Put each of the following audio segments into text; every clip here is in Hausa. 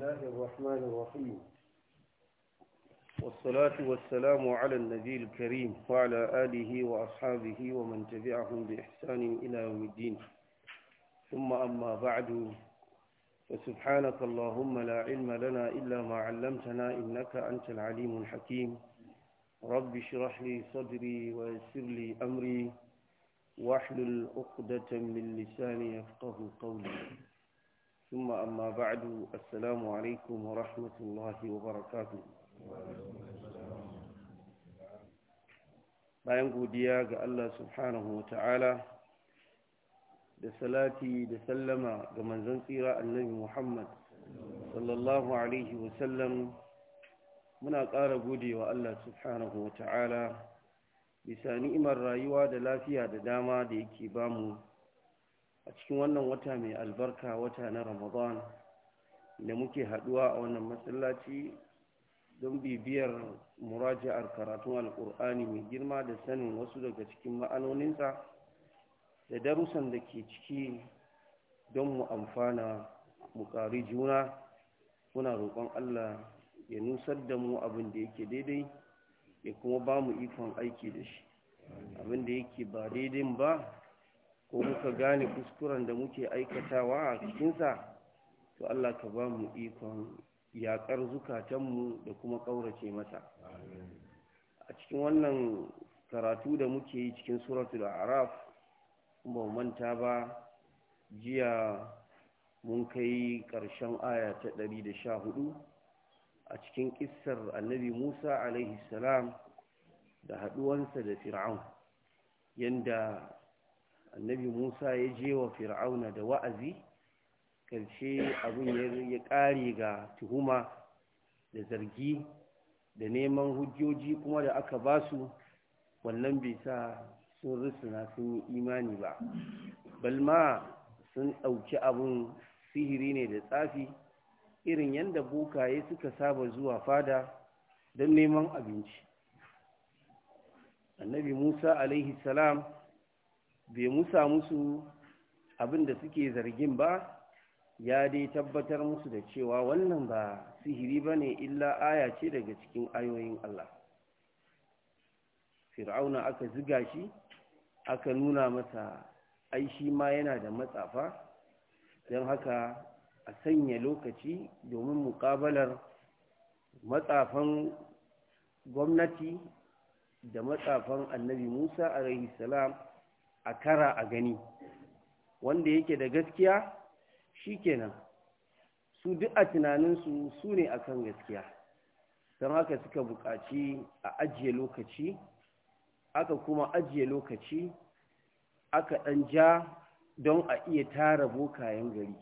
الله الرحمن الرحيم والصلاة والسلام على النبي الكريم وعلى آله وأصحابه ومن تبعهم بإحسان إلى يوم الدين ثم أما بعد فسبحانك اللهم لا علم لنا إلا ما علمتنا إنك أنت العليم الحكيم رب اشرح لي صدري ويسر لي أمري واحلل عقدة من لساني يفقه قولي ثم أما asalamu السلام عليكم ورحمة الله وبركاته bayan godiya ga Allah subhanahu wa ta'ala da salati da sallama ga manzon tsira annabi Muhammad sallallahu alaihi wasallam muna ƙara godewa Allah subhanahu wa ta'ala bisa ni'imar rayuwa da lafiya da dama da yake bamu a cikin wannan wata mai albarka wata na ramadan da muke haduwa a wannan masallaci don bibiyar muraja'ar karatun alkur'ani mai girma da sanin wasu daga cikin ma'anoninsa da darussan da ke ciki don mu amfana mu ƙari juna muna roƙon allah ya nusar da mu abin da yake daidai ya kuma ba mu ikon aiki da shi abin da yake ba daidai ba ko muka gane kuskuren da muke aikatawa a cikinsa to Allah ka ba mu ikon yaƙar zukatanmu da kuma ƙaurace mata a cikin wannan karatu da muke yi cikin suratul araf ba manta ba jiya mun kai ƙarshen aya ta ɗari da hudu, a cikin ƙisar annabi musa alaihi da haɗuwansa da fir'aun yadda. annabi musa ya je wa fir'auna da wa'azi ƙarshe abin ya ƙare ga tuhuma da zargi da neman hujjoji kuma da aka ba su wannan bai sa sun rusuna sun yi imani ba balma sun ɗauki abin sihiri ne da tsafi irin yadda bokaye suka saba zuwa fada don neman abinci annabi musa alaihi salam bai musa musu abin da suke zargin ba ya dai tabbatar musu da cewa wannan ba sihiri ba ne illa aya ce daga cikin ayoyin Allah fir'auna aka ziga shi aka nuna masa Aishi ma yana da matsafa don haka a sanya lokaci domin mukabalar matsafan gwamnati da matsafan annabi musa a salam a kara a gani wanda yake da gaskiya shi kenan su duk a tunaninsu su ne a kan gaskiya don haka suka buƙaci a ajiye lokaci aka kuma ajiye lokaci aka ɗan ja don a iya tara bokayen gari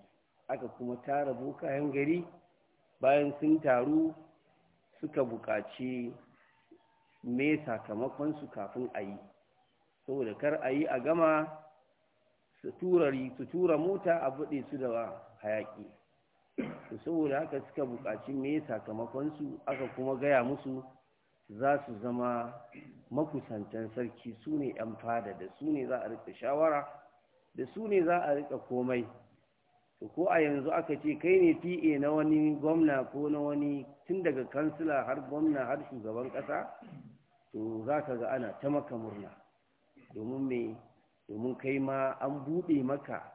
aka kuma tara bokayen gari bayan sun taru suka buƙaci me su kafin a yi saboda kar a yi a gama su tura mota a buɗe su da hayaƙi saboda haka suka buƙaci me sakamakonsu aka kuma gaya musu za su zama makusantan sarki su ne 'yan fada da su ne za a rika shawara da su ne za a rika komai ko a yanzu aka ce kai ne pa na wani gwamna ko na wani tun daga kansila har gwamna har shugaban ƙasa to za ka ga ana ta maka murna domin me domin kai ma an buɗe maka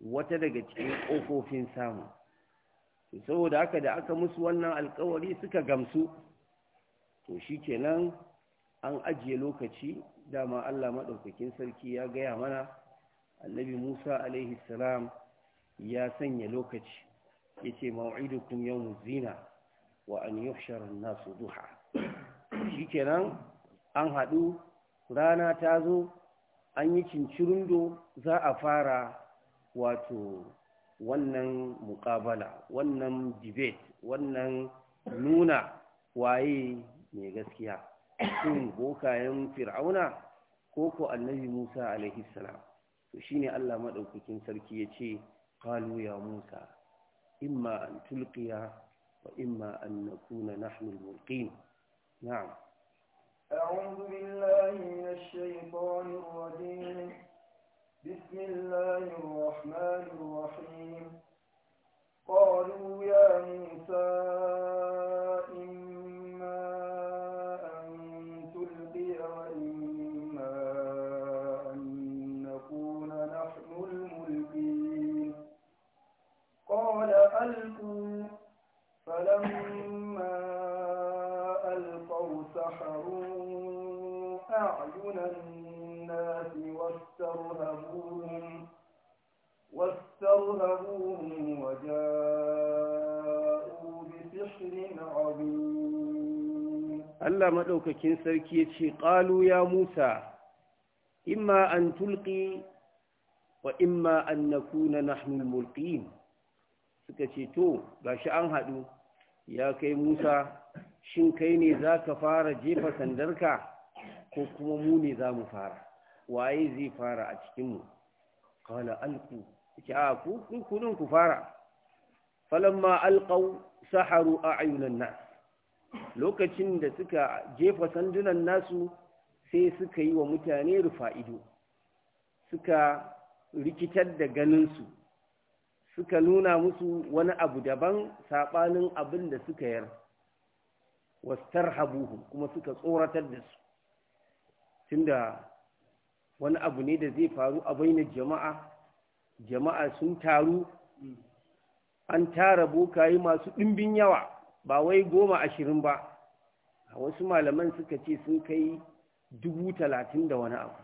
wata daga cikin ƙofofin samu saboda haka da aka musu wannan alkawari suka gamsu to shi kenan an ajiye lokaci dama Allah maɗaukakin sarki ya gaya mana annabi Musa alaihi salam ya sanya lokaci ya ce ma'idukum yau zina wa an yi nasu duha shi kenan an haɗu rana ta zo an yi do za a fara wato wannan mukabala wannan debate wannan nuna waye mai gaskiya shin bokayen fir'auna ko ko annabi musa alaihi salam to shine allah maɗaukakin sarki ya ce kalu ya musa imma an tulkiya wa imma an nakuna kuna, mulqin na'am أعوذ بالله من الشيطان الرجيم بسم الله الرحمن الرحيم قالوا يا موسى إن أعين الناس واسترهبوهم واسترهبوهم وجاءوا بسحر عظيم الله مدوكاكين سركي قالوا يا موسى إما أن تلقي وإما أن نكون نحن الملقين سكتيتو باش أنهدو يا كي موسى shin kai ne za ka fara jefa sandarka ko kuma mu ne za mu fara waye zai fara a cikinmu kala alku ke a ku ku fara falamma alƙau saharu a ayyunan nas lokacin da suka jefa sandunan nasu sai suka yi wa mutane rufa'ido suka rikitar da ganinsu suka nuna musu wani abu daban saɓanin abin da suka yar wastar habuhu kuma suka tsoratar da su tunda wani abu ne da zai faru a baina jama'a jama'a sun taru an tara bokaye masu ɗimbin yawa ba wai goma ashirin ba A wasu malaman suka ce sun kai dubu talatin da wani abu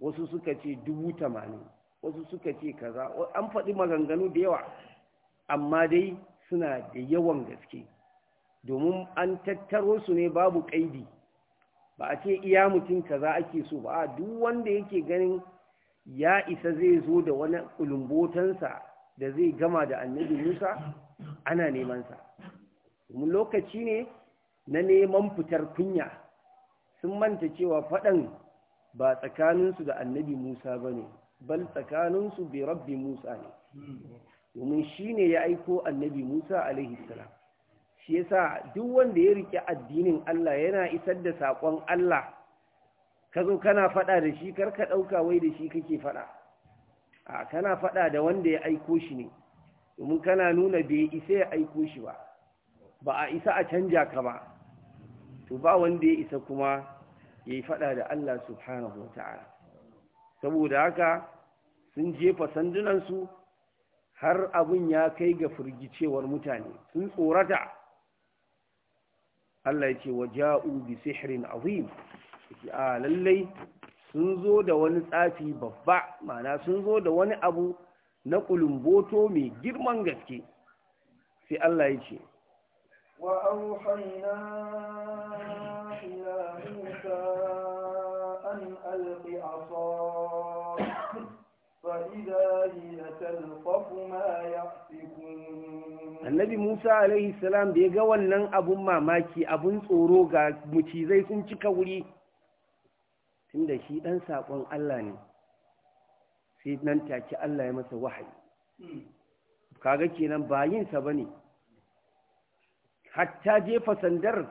wasu suka ce dubu tamanin wasu suka ce kaza an faɗi maganganu da yawa amma dai suna da yawan gaske domin an tattaro su ne babu ƙaidi ba a ce iya mutum kaza ake so ba a duk wanda yake ganin ya isa zai zo da wani ƙulumbotansa da zai gama da annabi Musa ana nemansa domin lokaci ne na neman fitar kunya sun manta cewa faɗan ba tsakaninsu da annabi Musa ba ne bal tsakaninsu bi rabbi Musa ne hmm. domin shi ne ya aiko annabi Musa alaihi salam shi yasa duk wanda ya rike addinin Allah yana isar da sakon Allah ka zo kana fada da shi kar ka dauka wai da shi kake fada a kana fada da wanda ya aiko shi ne domin kana nuna bai isa ya aiko shi ba ba a isa a canja ka ba to ba wanda ya isa kuma ya yi fada da Allah subhanahu wata'ala saboda haka sun jefa sandunan su har abun ya kai ga firgicewar mutane sun tsorata Allah ya ce wa bi sihrin azim a ah, lallai sun zo da wani tsafi babba mana sun zo da wani abu na kulumboto mai girman gaske sai Allah ya ce wa auhayna ila annabi Musa alaihi salam da ya ga wannan abun mamaki abun tsoro ga mucizai sun cika wuri tunda shi dan sakon Allah ne sai nan take Allah ya masa wahayi kaga kenan bayin sa bane hatta jefa sandar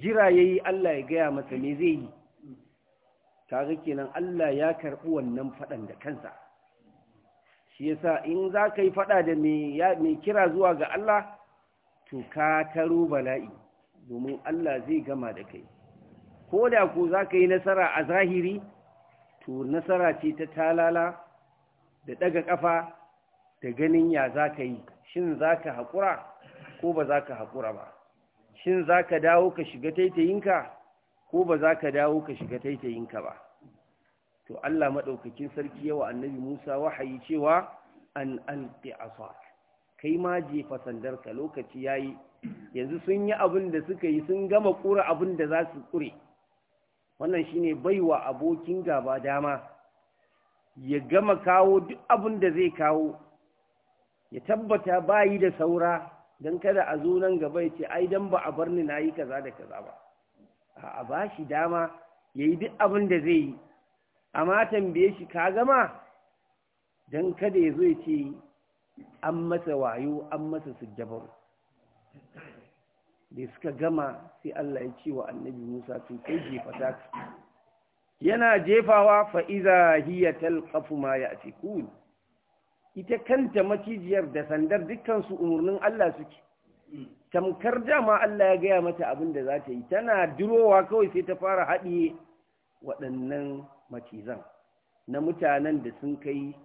jira yayi Allah ya gaya masa me zai yi kaga kenan Allah ya karɓi wannan faɗan da kansa shi yasa in za ka yi faɗa da mai kira zuwa ga Allah to ka taro bala'i domin Allah zai gama da kai ko da ku za ka yi nasara a zahiri to nasara ce ta talala da ɗaga ƙafa da ganin ya za ka yi shin za ka haƙura ko ba za ka haƙura ba shin za ka dawo ka shiga taitayinka ko ba za ka dawo ka shiga taitayinka ba to Allah madaukakin sarki yawa annabi Musa wahayi cewa an alqi asar kai ma jefa sandarka lokaci yayi yanzu sun yi abin da suka yi sun gama kura abin da za su kure wannan shine baiwa abokin gaba dama ya gama kawo duk abin da zai kawo ya tabbata bayi da saura don kada a zo nan gaba ya ce ai dan ba a bar ni na yi kaza da kaza ba a ba shi dama ya yi duk abin da zai yi amma tambaye shi ka gama don kada ya zo ce an masa wayo an masa sujjabar da suka gama sai Allah ya ce wa annabi Musa to kai jefa ta yana jefawa fa iza hiya talqafu ma ya'tikun ita kanta macijiyar da sandar dukkan umarnin Allah suke tamkar dama Allah ya gaya mata abin da za ta yi tana durowa kawai sai ta fara haɗiye waɗannan macizan na mutanen da sun kai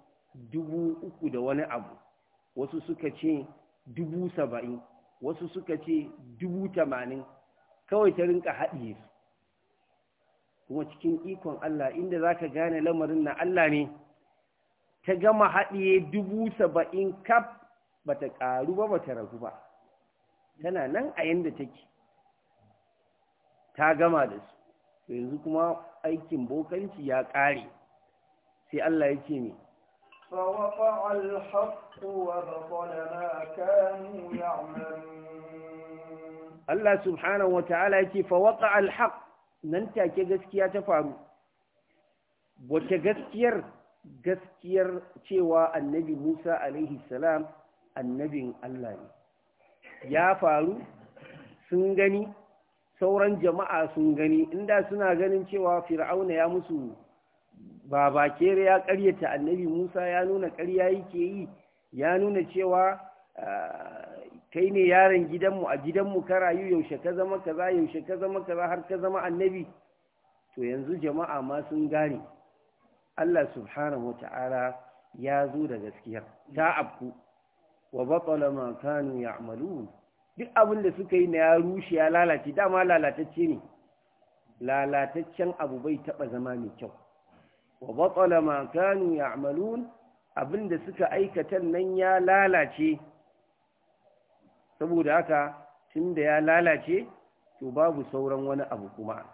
dubu uku da wani abu wasu suka ce dubu saba'in wasu suka ce dubu tamanin kawai ta rinka haɗiye su kuma cikin ikon Allah inda za ka gane lamarin na Allah ne ta gama haɗiye dubu saba'in kaf ba ta ƙaru ba ba ta ragu ba tana nan a yadda take ta gama da su yanzu kuma aikin bokanci ya ƙare sai Allah ya ce ne Allah subhanahu wa ta'ala ce fa الله سبحانه وتعالى يقول فوقع gaskiya ta faru. gaskiyar? gaskiyar cewa annabi Musa alaihi salam annabin Allah ne ya faru sun gani sauran jama'a sun gani inda suna ganin cewa fir'auna ya musu ba kere ya karyata annabi musa ya nuna karya yake yi ya nuna cewa ah, kai ne yaron gidanmu a gidanmu ka rayu yaushe ka zama kaza yaushe ka zama kaza har ka zama annabi to yanzu jama'a ma sun gane Allah subhanahu wata'ala ya zo da gaskiya ta abku wa batala ma kanu ya'malun duk abin da suka yi na ya rushe ya lalace dama lalatacce ne lalataccen abu bai taɓa zama mai kyau wa batsala ma kanu ya amalun abin da suka aikata nan ya lalace saboda haka tun ya lalace to babu sauran wani abu kuma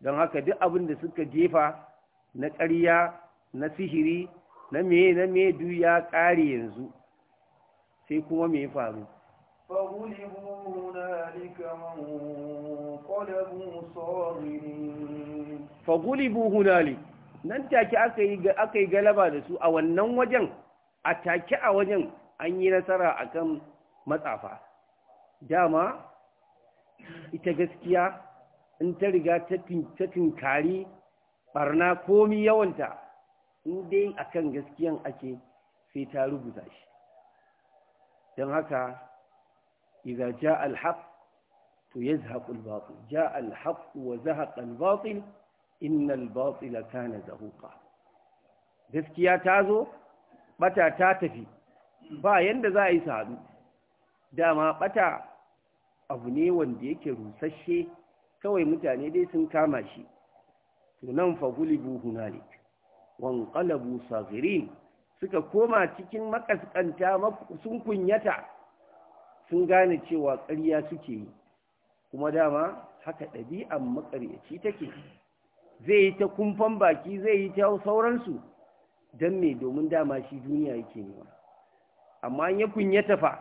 don haka duk abin da suka jefa na ƙarya na sihiri na me na me duk ya ƙare yanzu sai kuma me faru فغلبوا هنالك وانقلبوا صاغرين فغلبوا هنالك nan take aka yi galaba da su a wannan wajen a take a wajen an yi nasara akan matsafa dama ita gaskiya in ta riga ta tinkari barna komi yawanta in dai akan gaskiyan ake sai ta rubuta shi don haka idza jaa al-haq to yazhaqu al-batil jaa al-haq wa zahaqa al-batil innal batila kana zahuqa gaskiya ta zo ɓata ta tafi bayan da za a yi sadu dama ɓata abu ne wanda yake rusasshe kawai mutane dai sun kama shi to nan fa gulibu hunalik wan qalabu saghirin suka koma cikin makaskanta sun kunyata sun gane cewa ƙarya suke yi kuma dama haka ɗabi'an maƙaryaci take zai yi ta kumfan baki zai yi ta sauransu don me domin dama shi duniya yake nema amma ya kunya tafa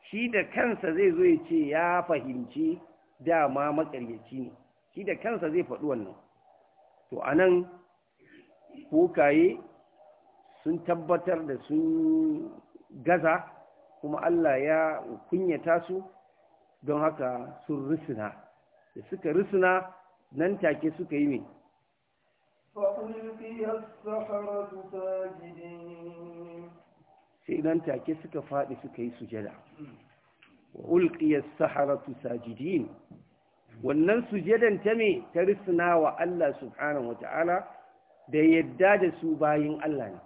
shi da kansa zai zo ya ce ya fahimci dama maƙaryaci ne shi da kansa zai faɗi wannan to a anan kokaye sun tabbatar da sun gaza kuma Allah ya kunyata su don haka sun risina da suka risina nan take suka yi ne sai nan take suka faɗi suka yi sujada wa ulqiyas saharatu sajidin wannan sujadan ta me ta risina wa Allah subhanahu wataala da yadda da su bayin Allah ne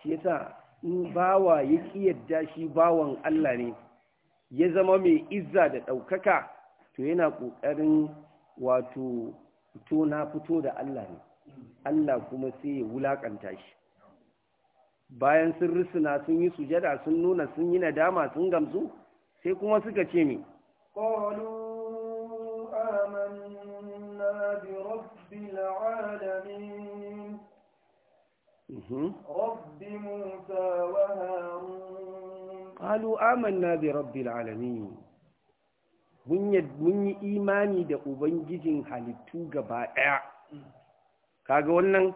shi yasa in bawa ya yadda shi bawan Allah ne ya zama mai izza da ɗaukaka to yana ƙoƙarin wato fito na fito da Allah ne Allah kuma sai ya wulaƙanta shi bayan sun risina sun yi sujada sun nuna sun yi nadama sun gamsu sai kuma suka ce mi رب موسى وهارون قالوا آمنا برب العالمين mun yi imani da Ubangijin halittu gaba ɗaya, kaga wannan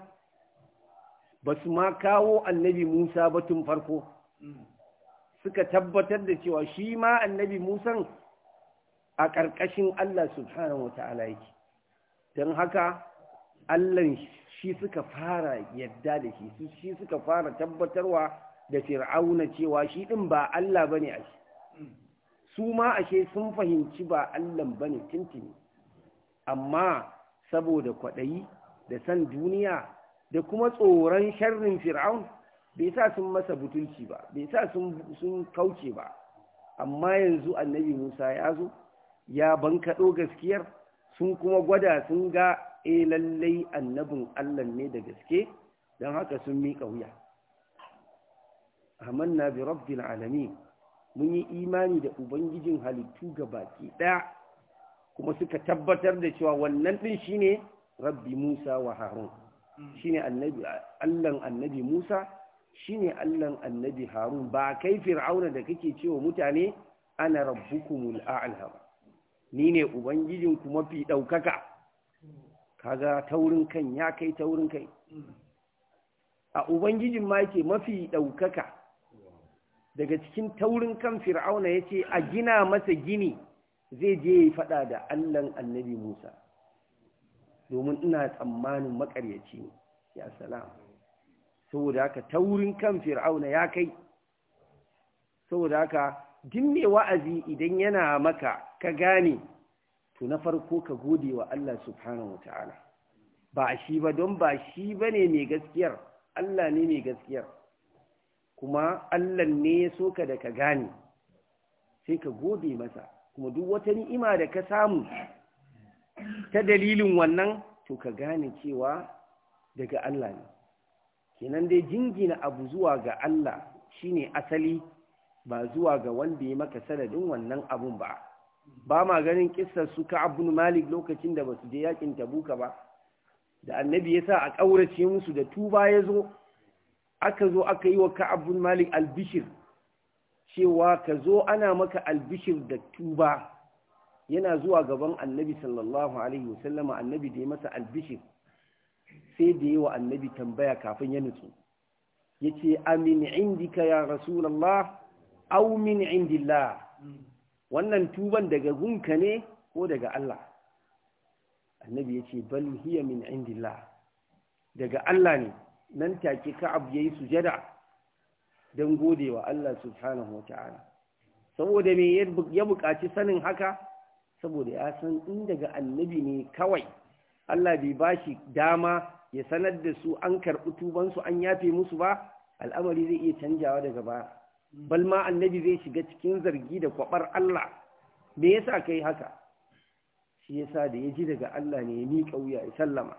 ba su ma kawo annabi Musa batun farko, mm. suka tabbatar da cewa shi ma annabi Musan a ƙarƙashin Allah subhanahu wa ta'ala yake, don haka allah shi suka fara yadda da shi shi suka fara tabbatarwa da fir'auna cewa shi din ba Allah bane ashe su ma ashe sun fahimci ba Allah bane tintini amma saboda kwaɗayi da san duniya da kuma tsoron sharrin fir'aun bai sa sun masa butulci ba bai sa sun kauce ba amma yanzu annabi musa ya zo ya bankaɗo gaskiyar sun kuma gwada sun ga e lallai annabin Allah ne da gaske don haka sun miƙa wuya amanna bi rabbil alamin mun yi imani da ubangijin halittu ga baki ɗaya kuma suka tabbatar da cewa wannan din shine rabbi musa wa harun hmm. shine annabi Allah annabi musa shine Allah annabi harun ba kai fir'auna da kake cewa mutane ana rabbukumul a'la ni ne ubangijin ku mafi ɗaukaka kaga wurin kan ya kai taurin kai a ubangijin ma yake mafi ɗaukaka daga cikin taurin kan fir'auna ya ce a gina masa gini zai je ya faɗa da allon annabi musa domin ina tsammanin makaryaci ne ya salam saboda haka taurin kan fir'auna ya kai saboda haka dimme wa'azi idan yana maka ka gane to na farko ka gode wa Allah subhanahu wata'ala ba shi ba don ba shi ba ne mai gaskiyar Allah ne mai gaskiyar kuma Allah ne ya so ka da ka gane sai ka gode masa kuma duk wata ni'ima da ka samu ta dalilin wannan to ka gane cewa daga Allah ne kenan dai jingina abu zuwa ga Allah shine asali ba zuwa ga wanda ya maka sanadin wannan abun ba ba ma ganin kissar su ka malik lokacin da ba su je yakin tabuka ba da annabi ya sa a ƙaurace musu da tuba ya zo aka zo aka yi wa ka malik albishir cewa ka zo ana maka albishir da tuba yana zuwa gaban annabi sallallahu alaihi wasallama annabi da ya masa albishir sai da yi wa annabi tambaya kafin ya nutsu ya ce amin indika ya rasulallah au min indillah wannan tuban daga gunka ne ko daga Allah annabi ya ce bal hiya min indillah daga Allah ne nan take ka'ab yayi sujada don godewa Allah subhanahu wata'ala saboda me ya buƙaci sanin haka saboda ya san in daga annabi ne kawai Allah bai bashi dama ya sanar da su an karɓi tubansu an yafe musu ba al'amari zai iya canjawa daga baya Balma annabi zai shiga cikin zargi da kwabar Allah me yasa kai haka shi yasa da yaji daga Allah ne ya miƙa wuya ya sallama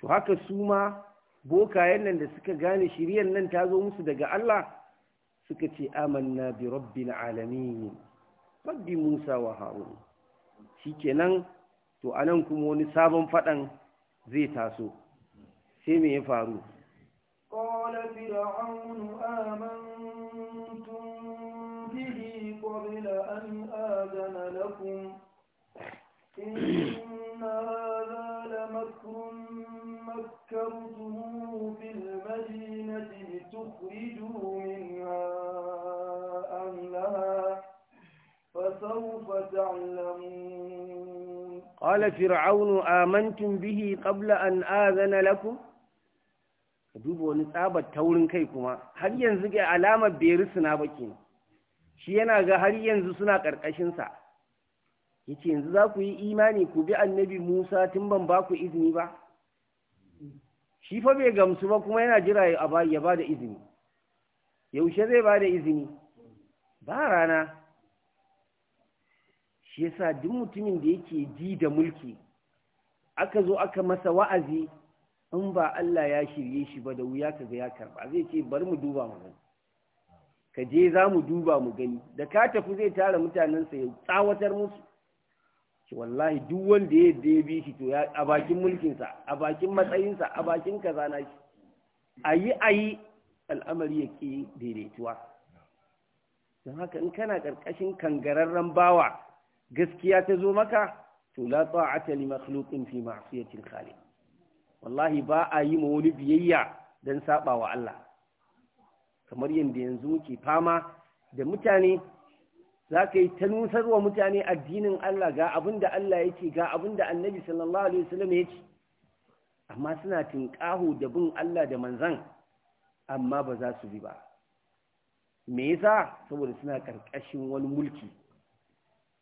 to haka su ma bokayen nan da suka gane shiriyar nan ta zo musu daga Allah suka ce amanna bi rabbil alamin rabbi Musa wa Harun shikenan to anan kuma wani sabon fadan zai taso sai me ya faru qala fir'aun amanna قال fir'aunu آمنتم bihi قبل ƙabla آذن لكم duba wani tsabar taurin kai kuma har yanzu ga alamar berisuna risina ba shi yana ga har yanzu suna ƙarƙashinsa ya ce yanzu za ku yi imani ku bi annabi musa tun ban ba ku izini ba shi fa bai gamsu ba kuma yana jira ya ba izini yaushe zai ba da izini ba rana shi yasa duk mutumin da yake ji da mulki aka zo aka masa wa'azi in ba Allah ya shirye shi ba da wuya kaga ya karba zai ce bari mu duba mu gani ka je za mu duba mu gani da ka tafi zai tara mutanensa ya tsawatar musu ce wallahi duk wanda ya da bi shi to a bakin mulkinsa a bakin matsayinsa a bakin kazana shi ayi ayi al'amari ya ke daidaituwa don haka in kana ƙarƙashin kangararren bawa gaskiya ta zo maka to la ta'ata li makhluqin fi ma'siyati al-khaliq wallahi ba a yi ma wani biyayya dan saba wa Allah kamar yanda yanzu muke fama da mutane za ka yi ta nusarwa mutane addinin Allah ga abin da Allah ya ce ga abin da annabi sallallahu alaihi wasallam ya ce amma suna tinƙaho da bin Allah da manzan amma ba za su bi ba me yasa saboda suna ƙarƙashin wani mulki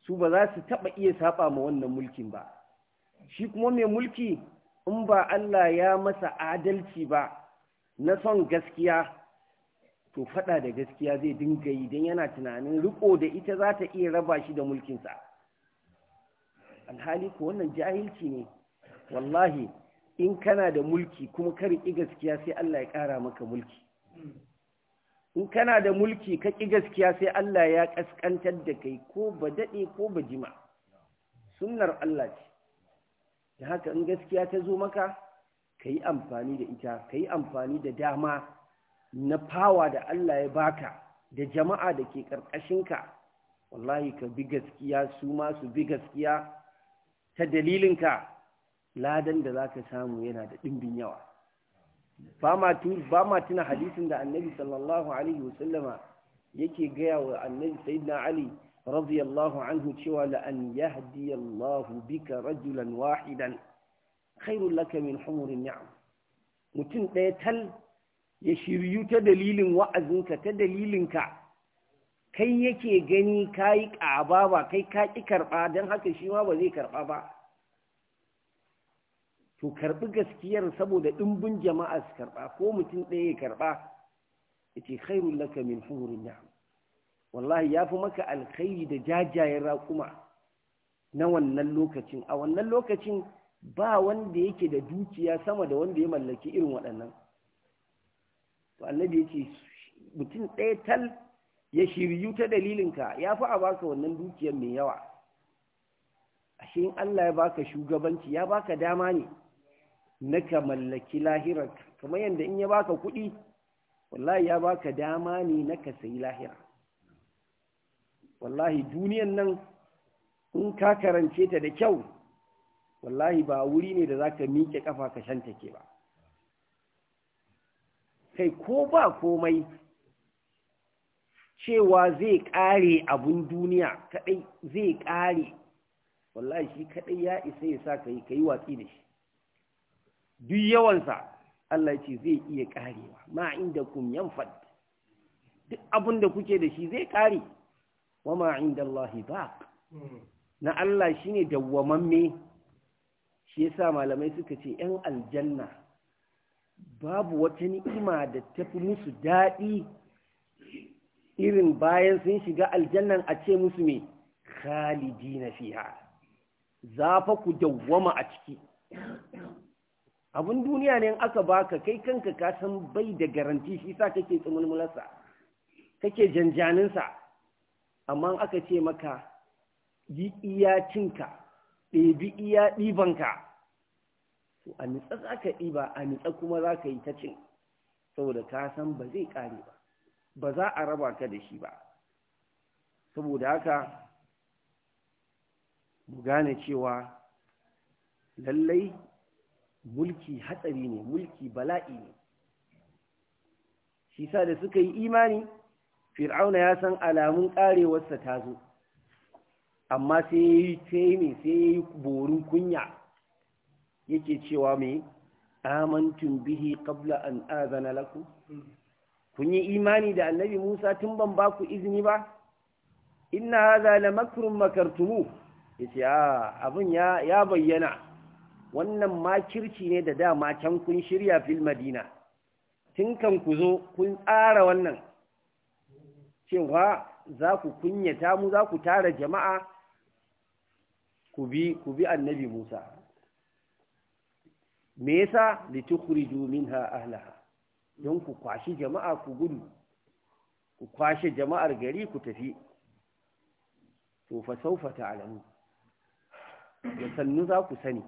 su ba za su taɓa iya saba ma wannan mulkin ba shi kuma mai mulki in ba Allah ya masa adalci ba na son gaskiya to faɗa da gaskiya zai dinga yi don yana tunanin riko da ita za ta iya raba shi da mulkinsa alhali ko wannan jahilci ne wallahi in kana da mulki kuma kar ki gaskiya sai Allah ya ƙara maka mulki in kana da mulki ka ƙi gaskiya sai Allah ya ƙasƙantar da kai ko ba daɗe ko ba jima sunnar Allah ce da haka in gaskiya ta zo maka ka yi amfani da ita ka yi amfani da dama na fawa da Allah ya baka da jama'a da ke ka, wallahi ka bi gaskiya su ma su bi gaskiya ta dalilin ka. ladan da za ka samu yana da ɗimbin yawa ba ma tuna hadisin da annabi sallallahu alaihi wasallama yake gaya wa annabi sayyidina ali radiyallahu anhu cewa la an bika rajulan wahidan khairul laka min humurin ni'am mutum ɗaya tal ya shiryu ta dalilin wa'azinka ta dalilinka kai yake gani kayi ƙaba ba kai ka ƙi karɓa don haka shi ma ba zai karɓa ba to karbi gaskiyar saboda dimbin jama'a su karba ko mutum ɗaya ya karba yace khairul laka min hurin da". wallahi ya fi maka alkhairi da jajayen raƙuma na wannan lokacin a wannan lokacin ba wanda yake da dukiya sama da wanda ya mallaki irin waɗannan to annabi yace mutum ɗaya tal ya shiryu ta dalilinka ya fi a baka wannan dukiyar mai yawa ashe in Allah ya baka shugabanci ya baka dama ne Naka mallaki lahirar kamar yadda in ya baka kuɗi wallahi ya baka dama ne na ka sayi lahira wallahi duniyan nan in ka karance ta da kyau wallahi ba wuri ne da za ka miƙe ƙafa ka shanta ke ba kai ko ba komai cewa zai ƙare abun duniya kaɗai zai ƙare wallahi shi kaɗai ya isa ya sa ka yi ka yi watsi da shi duk yawansa Allah ce zai iya karewa ma inda kum yanfad duk abin da kuke da shi zai kare wa ma inda Allah baq na Allah shine dawwamamme shi yasa malamai suka ce yan aljanna babu wata ni'ima da tafi musu daɗi irin bayan sun shiga aljannan a ce musu me khalidina fiha za ku dawwama a ciki Abun duniya ne in aka baka kai kanka ka san bai da garanti shi sa kake tsumulmularsa kake janjaninsa amma aka ce maka yi iya cinka ɗebi iya ɗibanka a nitsa za ka ɗiba a nitsa kuma za ka yi ta cin saboda ka san ba zai ƙare ba ba za a raba ka da shi ba saboda haka mu gane cewa lallai mulki hatsari ne mulki bala'i ne shi sa da suka yi imani fir'auna ya san alamun karewarsa ta zo amma sai ya yi taimi sai ya yi borin kunya yake cewa mai amantun bihi qabla an azana laku kun yi imani da annabi Musa tun ban ba ku izini ba inna hadha la makartumu yace a ah, abun ya bayyana wannan makirci ne da dama can kun shirya fil madina tun kan ku zo kun tsara wannan cewa za ku kunyata mu za ku tara jama'a ku bi ku bi annabi Musa me yasa litukhriju minha ahlaha don ku kwashi jama'a ku gudu ku kwashe jama'ar gari ku tafi to fa saufa ta'lamu da sannu za ku sani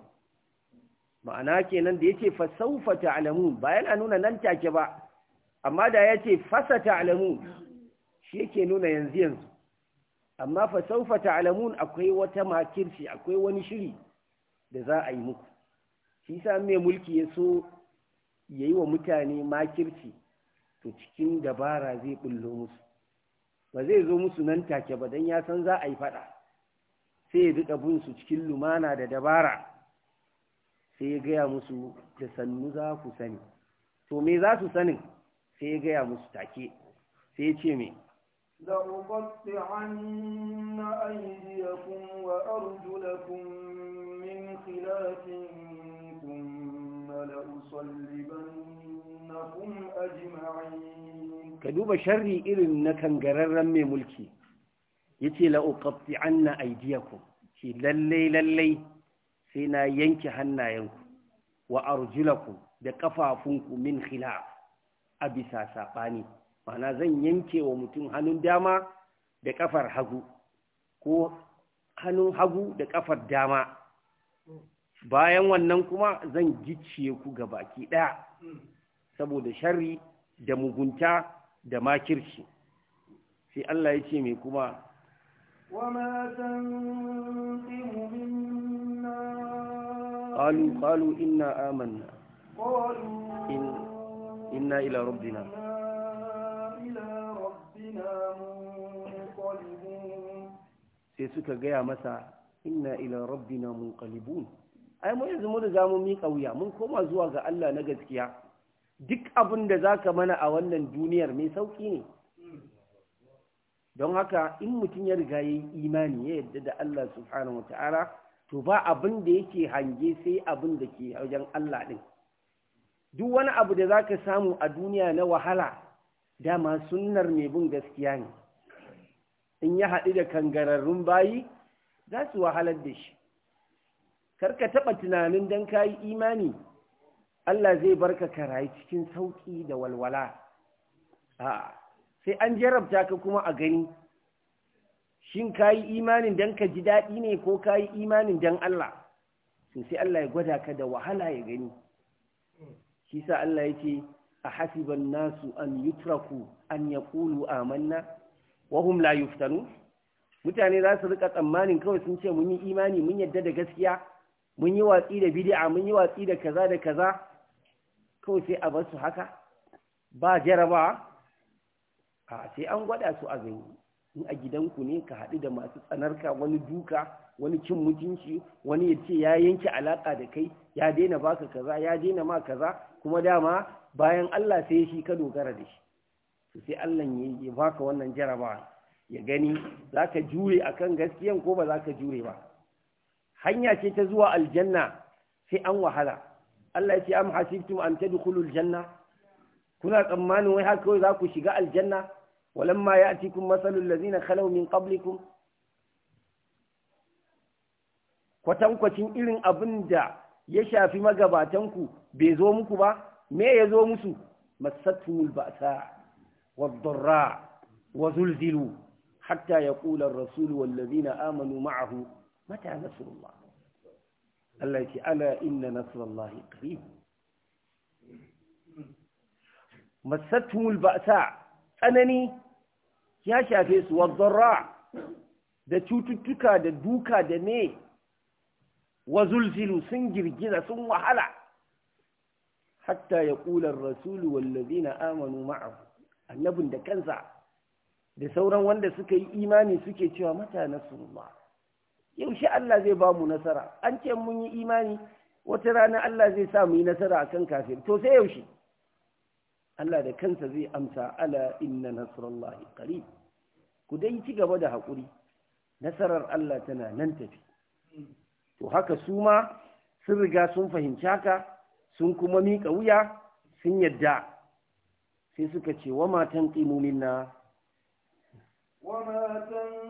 ma'ana kenan da yace fa saufa ta'lamun ba yana nuna nan take ba amma da yace fasa ta'lamun shi yake nuna yanzu yanzu amma fa saufa akwai wata makirci akwai wani shiri da za a yi muku shi sa mai mulki ya so yayi wa mutane makirci to cikin dabara zai bullo musu ba zai zo musu nan take ba dan ya san za a yi faɗa. sai ya duka bunsu cikin lumana da dabara sai ya gaya musu da sannu za ku sani to me za su sani? sai ya gaya musu take sai ya ce me da ubatti hanna aydiyakum wa arjulakum min khilafin kum mala usallibannakum ajma'in ka duba sharri irin na kangararren mai mulki yace la uqatti anna aydiyakum ki lallai lalle sai na yanke hannayenku wa arjulaku da ƙafafunku min khilaf a bisa saɓani ma'ana zan yanke wa mutum hannun dama da kafar hagu ko hannun hagu da ƙafar dama bayan wannan kuma zan gicciye ku ga baki ɗaya saboda sharri da mugunta da makirci sai Allah ya ce mai kuma wa ma tanqimu min قالوا قالوا إنا آمنا قالوا إن إنا إلى ربنا إلى ربنا منقلبون سيسوك جاء مسا إنا إلى ai mu yanzu mun riga miƙa wuya mun koma zuwa ga Allah na gaskiya duk abin da zaka mana a wannan duniyar mai sauki ne don haka in mutum ya riga yayi imani ya yadda da Allah subhanahu wataala to ba abin da yake hange sai abin da ke wajen Allah ɗin duk wani abu da za ka samu a duniya na wahala dama sunnar mai bin gaskiya ne in ya haɗu da kangararrun bayi za su wahalar da shi karka taɓa tunanin don ka yi imani Allah zai barka ka rayu cikin sauƙi da walwala a sai an jarabta ka kuma a gani shin ka yi imanin don ka ji daɗi ne ko ka yi imanin don Allah sai Allah ya gwada ka da wahala ya gani shi sa Allah ya ce a hasiban nasu an yutraku an ya kulu amanna wahum la yuftanu mutane za su rika tsammanin kawai sun ce mun yi imani mun yadda da gaskiya mun yi watsi da bid'a mun yi watsi da kaza da kaza kawai sai a bar su haka ba jaraba a sai an gwada su a gani in a gidanku ne ka haɗu da masu tsanarka wani duka wani cin mutunci wani ya ce ya yanke alaƙa da kai ya daina baka kaza ya daina ma kaza kuma dama bayan Allah sai shi ka dogara da shi sai Allah ya baka wannan jarabawa ya gani za ka jure a kan gaskiyan ko ba za ka jure ba hanya ce ta zuwa aljanna sai an wahala Allah ya ce am hasibtum an tadkhulul janna kuna tsammanin wai haka kawai za ku shiga aljanna walamma ya'tikum masalul ladzina khalaw kalaumin qablikum kwatankwacin irin abin da ya shafi magabatanku bai zo muku ba me ya zo musu masattumul ba'sa wadh-dharra wa zulzilu hatta ya ar-rasul wal ladzina amanu ma'ahu mata nasrullah Allah inna ba'sa tsanani ya shafe su wazzarra da cututtuka da duka da ne wa sun girgiza sun wahala hatta ya ƙular rasulu wallazi na amanu ma'ahu annabin da kansa da sauran wanda suka yi imani suke cewa mata nasrullah yaushe Allah zai ba mu nasara an ce mun yi imani wata rana Allah zai sa mu yi nasara akan kafir to sai yaushe Allah da kansa zai amsa ala inna nasrallahi qarib ku dai ci gaba da hakuri nasarar Allah tana nan tafi to haka su ma sun riga sun fahimci haka sun kuma miƙa wuya sun yadda sai suka ce wa matan ƙimu minna wa matan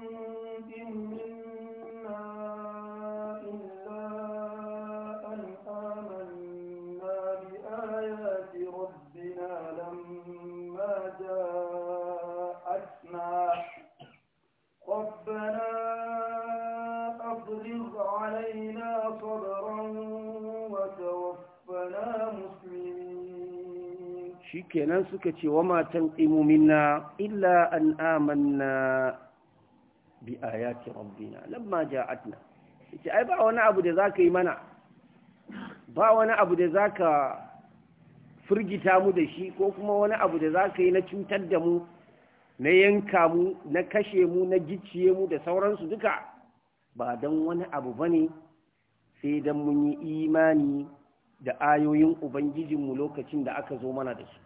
shi kenan suka ce wa matan imumina illa an amanna bi ayati rabbina lamma ja'atna ce ai ba wani abu da zaka yi mana ba wani abu da zaka firgita mu da shi ko kuma wani abu da zaka yi na cutar da mu na yanka mu na kashe mu na gicciye mu da sauransu duka ba don wani abu bane sai dan mun yi imani da ayoyin Ubangijinmu lokacin da aka zo mana da su.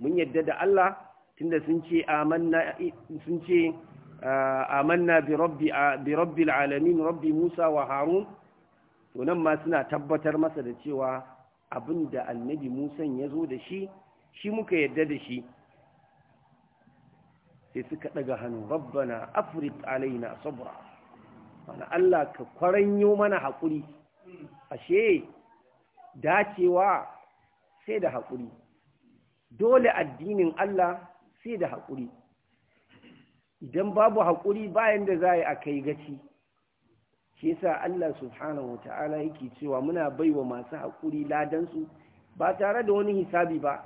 mun yadda da Allah tunda sun ce amanna sun bi rabbi bi alamin rabbi Musa wa Harun to nan ma suna tabbatar masa da cewa abinda annabi Musa ya zo da shi shi muka yadda da shi sai suka daga hannu rabbana afrit alaina sabra Wani Allah ka kwaranyo mana haƙuri ashe dacewa sai da haƙuri dole addinin Allah sai da haƙuri idan babu haƙuri bayan da za a yi a kai gaci shi yasa Allah subhanahu ta'ala yake cewa muna baiwa masu haƙuri ladansu ba tare da wani hisabi ba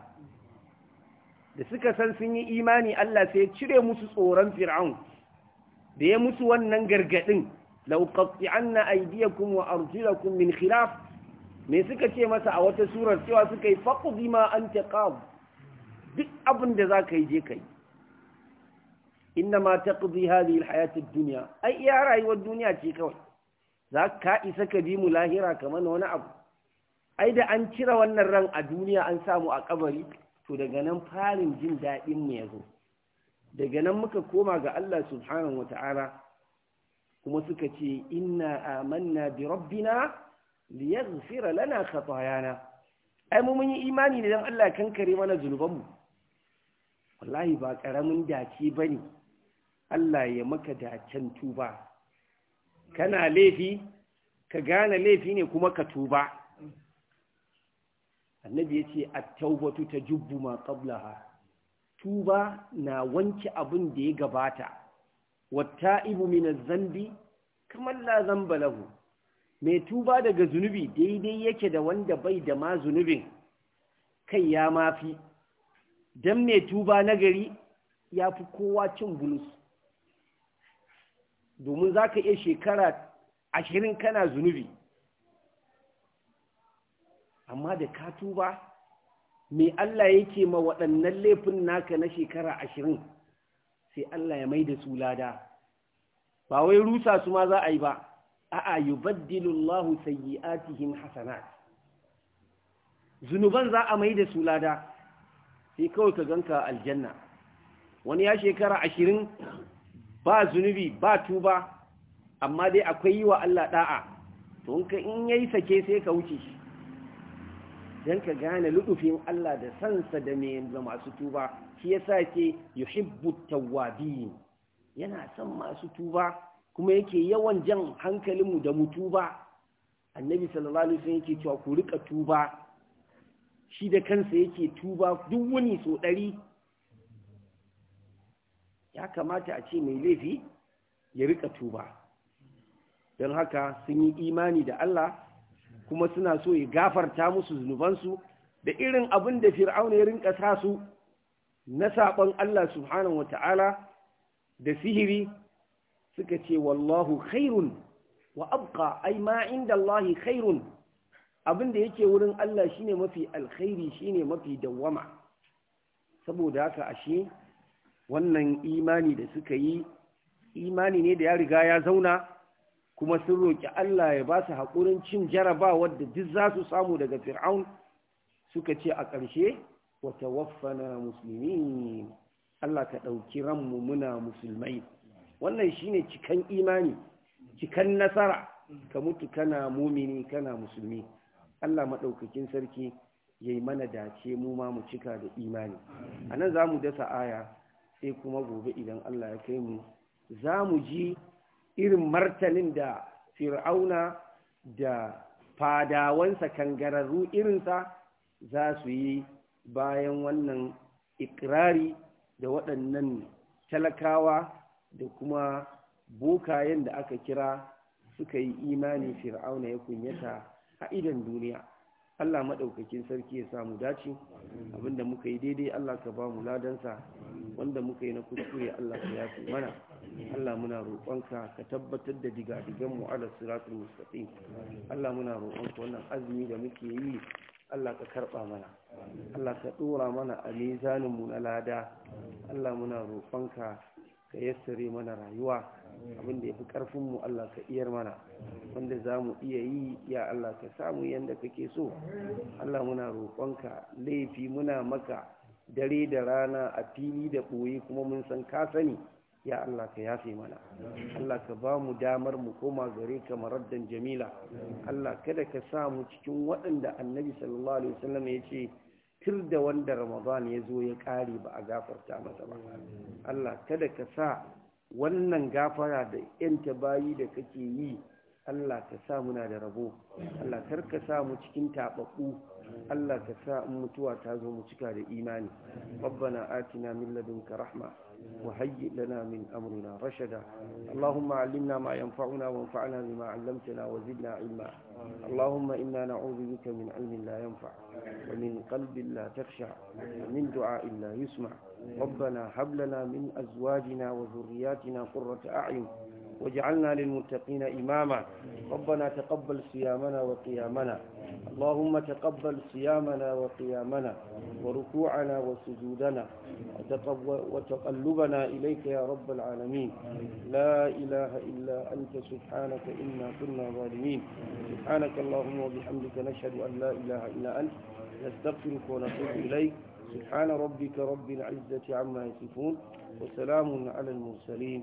da suka san sun yi imani Allah sai cire musu tsoron fir'aun da ya musu wannan gargadin law qat'anna aydiyakum wa arjulakum min khilaf me suka ce masa a wata surar cewa suka yi faqdi ma an duk abin da za ka yi je ka yi inna mata ta ƙuzi hali hayatun duniya ai iya rayuwar duniya ce kawai za ka isa ka bi mu lahira kamar wani abu ai da an cire wannan ran a duniya an samu a kabari to daga nan farin jin daɗin mu ya zo daga nan muka koma ga Allah subhanahu wa ta'ala kuma suka ce inna amanna bi rabbina liyaghfira lana khatayana ai mu mun yi imani ne dan Allah kankare mana zunubanmu wallahi ba ƙaramin dace ba ne Allah ya maka dacen tuba kana laifi ka gane laifi ne kuma ka tuba annabi ya ce attaubatu ta jubbu ma qablaha tuba na wanke abin da ya gabata Wata ibu mina zambi kamar la zamba lahu mai tuba daga zunubi daidai yake da wanda bai da ma zunubin kai ya mafi don mai tuba na gari ya fi kowa cin bulus domin za ka iya shekara ashirin kana zunubi amma da ka tuba mai Allah yake ma waɗannan laifin naka na shekara ashirin sai Allah ya mai da su lada ba wai rusa su ma za a yi ba a'a yubaddilullahu atihin hasanat zunuban za a mai da su lada sai kawai ka ganka aljanna wani ya shekara ashirin ba zunubi ba tuba amma dai akwai yi wa Allah ɗa'a. to in ya yayi sake sai ka wuce shi don ka gane ludufin Allah da sansa da mai masu tuba shi ya sa yi yuhibbu yana son masu tuba kuma yake yawan jan hankalinmu da mu tuba annabi sallallahu alaihi wasallam yake cewa ku rika tuba shi da kansa yake tuba duk wani so ɗari ya kamata a ce mai laifi ya rika tuba don haka sun yi imani da Allah kuma suna so ya gafarta musu zunubansu da irin abin da fir'auna ya rinka sa su na saɓon Allah subhanahu wa ta'ala da sihiri suka ce wallahu khairun wa abqa ai ma inda Allah khairun abin da yake wurin Allah shine mafi alkhairi shine mafi dawwama saboda haka ashe wannan imani da suka yi imani ne da ya riga ya zauna kuma sun roki Allah ya ba su haƙurin cin jarabawar da duk za su samu daga fir'aun suka ce a ƙarshe wata waffana musulmi Allah ka ɗauki ranmu muna musulmai wannan shine cikan imani cikan nasara ka mutu kana mumini kana musulmi Allah maɗaukakin sarki ya yi mana dace mu ma mu cika da imani a nan za mu dasa aya sai kuma gobe idan Allah ya kai mu za mu ji irin martanin da fir'auna da fadawansa kangararru irinsa za su yi bayan wannan ikirari da waɗannan talakawa da kuma bokayen da aka kira suka yi imani fir'auna ya kunyata a idan duniya Allah maɗaukakin sarki ya samu dace abinda muka yi daidai Allah ka ba mu ladansa wanda muka yi na kuskure Allah ka yafi mana Allah muna roƙonka ka tabbatar da digadigan mu ala siratul mustaqim Allah muna roƙonka wannan azumi da muke yi Allah ka karɓa mana Allah ka ɗora mana a mizanin mu na lada Allah muna roƙonka ka yassare mana rayuwa abin da ya fi ƙarfinmu Allah ka iyar mana wanda za mu iya yi ya Allah ka samu yadda kake so Allah muna roƙonka laifi muna maka dare da rana a fili da ɓoye kuma mun san ka sani ya Allah ka yafe mana Allah ka ba mu damar mu koma gare ka maraddan jamila Allah kada ka sa mu cikin waɗanda annabi sallallahu alaihi wasallam ya ce tir da wanda ramadan ya zo ya ƙare ba a gafarta masa ba Allah kada ka sa wannan gafara da yanta bayi da kake yi Allah ka sa muna da rabo Allah kar ka sa mu cikin tababbu Allah ka sa mutuwa ta zo mu cika da imani rabbana atina min ladunka rahma وهيئ لنا من أمرنا رشدا اللهم علمنا ما ينفعنا وانفعنا بما علمتنا وزدنا علما اللهم إنا نعوذ بك من علم لا ينفع ومن قلب لا تخشع ومن دعاء لا يسمع ربنا هب لنا من أزواجنا وذرياتنا قرة أعين واجعلنا للمتقين إماما ربنا تقبل صيامنا وقيامنا اللهم تقبل صيامنا وقيامنا وركوعنا وسجودنا وتقلبنا إليك يا رب العالمين لا إله إلا أنت سبحانك إنا كنا ظالمين سبحانك اللهم وبحمدك نشهد أن لا إله إلا أنت نستغفرك ونتوب إليك سبحان ربك رب العزة عما يصفون وسلام على المرسلين